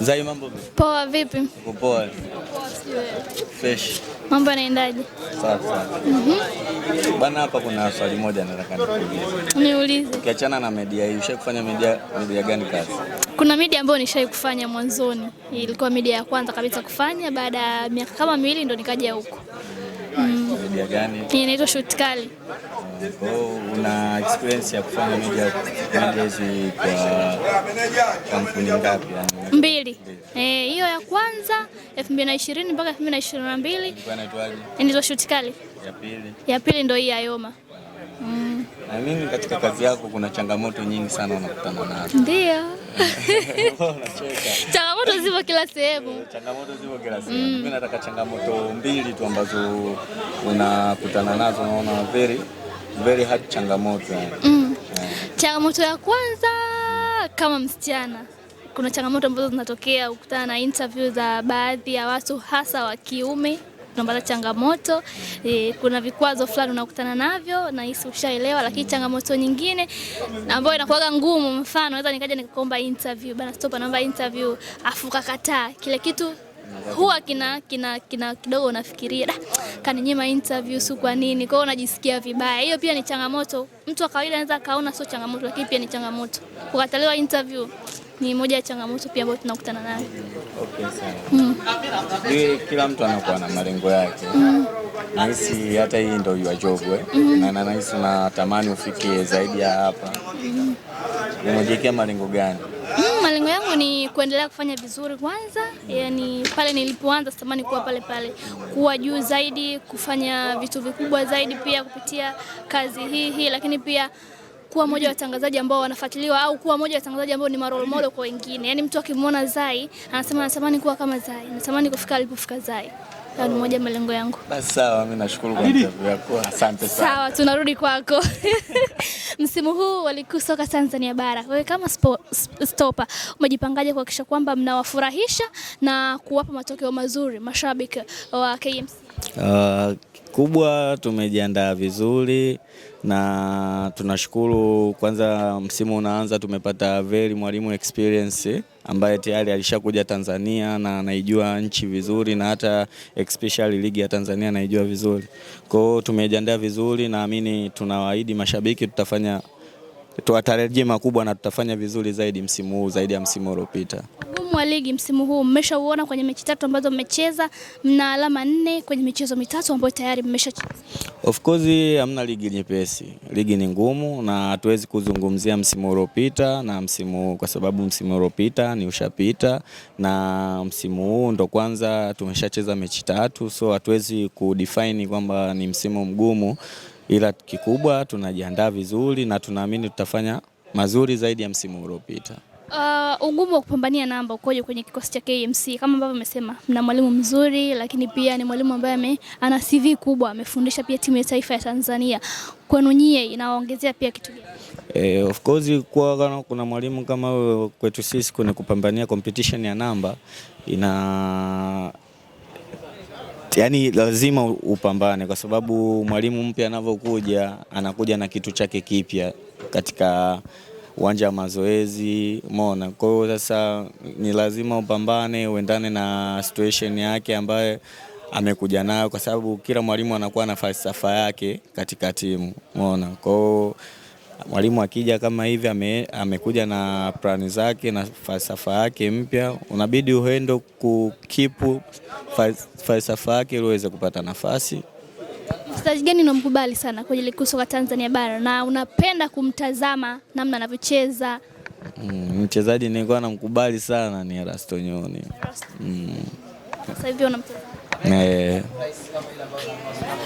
Zai, mambo poa, vipi? Poa. Fresh. Mambo yanaendaje? Sawa sawa. Mhm. Bana, hapa kuna swali moja nataka nikuulize. Niulize. Ukiachana na media hii, ushakufanya media media gani kazi? Kuna media ambayo nishai kufanya mwanzoni, ilikuwa media ya kwanza kabisa kufanya. Baada ya miaka kama miwili ndo nikaja huko. Media gani? Inaitwa Shoot Kali. Oh, una experience ya kufanya media hizi kwa kampuni ngapi? Mbili. Eh, hiyo ya kwanza 2020 mpaka 2022. Inaitwa Shoot Kali. Ya pili. Ya pili ndo hii Ayoma. I katika kazi yako kuna changamoto nyingi sana unakutana nazo. Ndio. Changamoto zipo kila sehemu. Eh, changamoto zipo kila sehemu. Mm. Mimi nataka changamoto mbili tu ambazo unakutana nazo, naona very very hard changamoto. Mm. Yeah. Changamoto ya kwanza kama msichana kuna changamoto ambazo zinatokea ukutana na interview za baadhi ya watu hasa wa kiume tunapata changamoto e, kuna vikwazo fulani unakutana navyo na hisi ushaelewa, lakini changamoto nyingine ambayo inakuwa ngumu, mfano naweza nikaja nikakomba interview bana, stop, naomba interview afu kakataa kile kitu huwa kina, kina, kina kidogo unafikiria da, kaninyima interview su kwa nini? Kwa hiyo unajisikia vibaya. Hiyo pia ni changamoto. Mtu wa kawaida anaweza kaona sio changamoto, lakini pia ni changamoto. Kukataliwa interview ni moja ya changamoto pia ambayo tunakutana nayo. Okay, sawa. Mm. Kila mtu anakuwa na malengo yake. Mm. Nahisi hata hii ndio your job eh. Mm. Na nahisi unatamani zaidi ya hapa. Mm. Mm-hmm. Unajiwekea malengo gani? Mm, malengo yangu ni kuendelea kufanya vizuri kwanza, yani pale nilipoanza sitamani kuwa pale pale, kuwa juu zaidi, kufanya vitu vikubwa zaidi pia kupitia kazi hii hii, lakini pia kuwa moja wa watangazaji ambao wanafuatiliwa au kuwa moja wa watangazaji ambao ni role model kwa wengine. Yaani mtu akimwona Zai anasema anatamani kuwa kama Zai, anatamani kufika alipofika Zai. Ni moja malengo yangu. Basi sawa, mimi nashukuru kwa interview yako. Asante sana. Sawa, tunarudi kwako. msimu huu wa ligi soka Tanzania bara, wewe kama spo, stopa umejipangaje kuhakikisha kwamba mnawafurahisha na kuwapa matokeo mazuri mashabiki wa KMC? Uh, ah, kubwa tumejiandaa vizuri na tunashukuru kwanza, msimu unaanza tumepata very mwalimu experience ambaye tayari alishakuja Tanzania na anaijua nchi vizuri na hata especially ligi ya Tanzania anaijua vizuri. Kwa hiyo tumejiandaa vizuri, naamini tunawaahidi mashabiki tutafanya tuwatarajie makubwa na tutafanya vizuri zaidi msimu huu zaidi ya msimu uliopita. Ugumu wa ligi msimu huu mmeshauona kwenye mechi tatu ambazo mmecheza, mna alama nne kwenye michezo mitatu ambayo tayari mmeshacheza. Of course hamna ligi nyepesi, ligi ni ngumu na hatuwezi kuzungumzia msimu uliopita na msimu huu kwa sababu msimu uliopita ni ushapita na msimu huu ndo kwanza tumeshacheza mechi tatu, so hatuwezi kudefine kwamba ni msimu mgumu ila kikubwa tunajiandaa vizuri na tunaamini tutafanya mazuri zaidi ya msimu uliopita. Uh, ugumu wa kupambania namba ukoje kwenye kikosi cha KMC? Kama ambavyo umesema mna mwalimu mzuri, lakini pia ni mwalimu ambaye ana CV kubwa, amefundisha pia timu ya taifa ya Tanzania. Kwenu nyie inawaongezea pia kitu gani? Eh, of course kwa kuna mwalimu kama kwetu sisi kwenye kupambania competition ya namba ina yani lazima upambane, kwa sababu mwalimu mpya anavyokuja anakuja na kitu chake kipya katika uwanja wa mazoezi, umeona. Kwa hiyo sasa ni lazima upambane, uendane na situation yake ambayo amekuja nayo, kwa sababu kila mwalimu anakuwa na falsafa yake katika timu, umeona. Kwa hiyo Mwalimu akija kama hivi ame, amekuja na plani zake na falsafa yake mpya, unabidi uende kukipu falsafa yake ili uweze kupata nafasi. Mchezaji gani unamkubali sana kwa ajili kusoka Tanzania bara na unapenda kumtazama namna anavyocheza? Mm, mchezaji nilikuwa namkubali sana ni Erasto Nyoni. Mm. Sasa hivi unamtazama? Eh.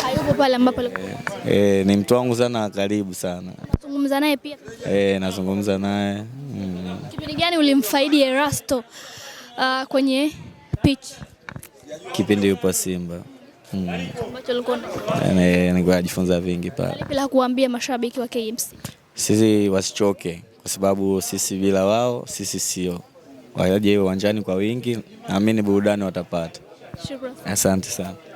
Hayupo pale ambapo alikuwa. Eh, eh ni mtu wangu sana wa karibu sana. Unazungumza naye pia? Eh, nazungumza naye. Mm. Kipindi gani ulimfaidi Erasto uh, kwenye pitch? Kipindi yupo Simba. Mm. Yaani, nilikuwa najifunza vingi pale. Bila kuambia mashabiki wa KMC. Sisi wasichoke kwa sababu sisi bila wao sisi sio. Waje uwanjani kwa wingi, naamini burudani watapata. Shukrani. Asante sana.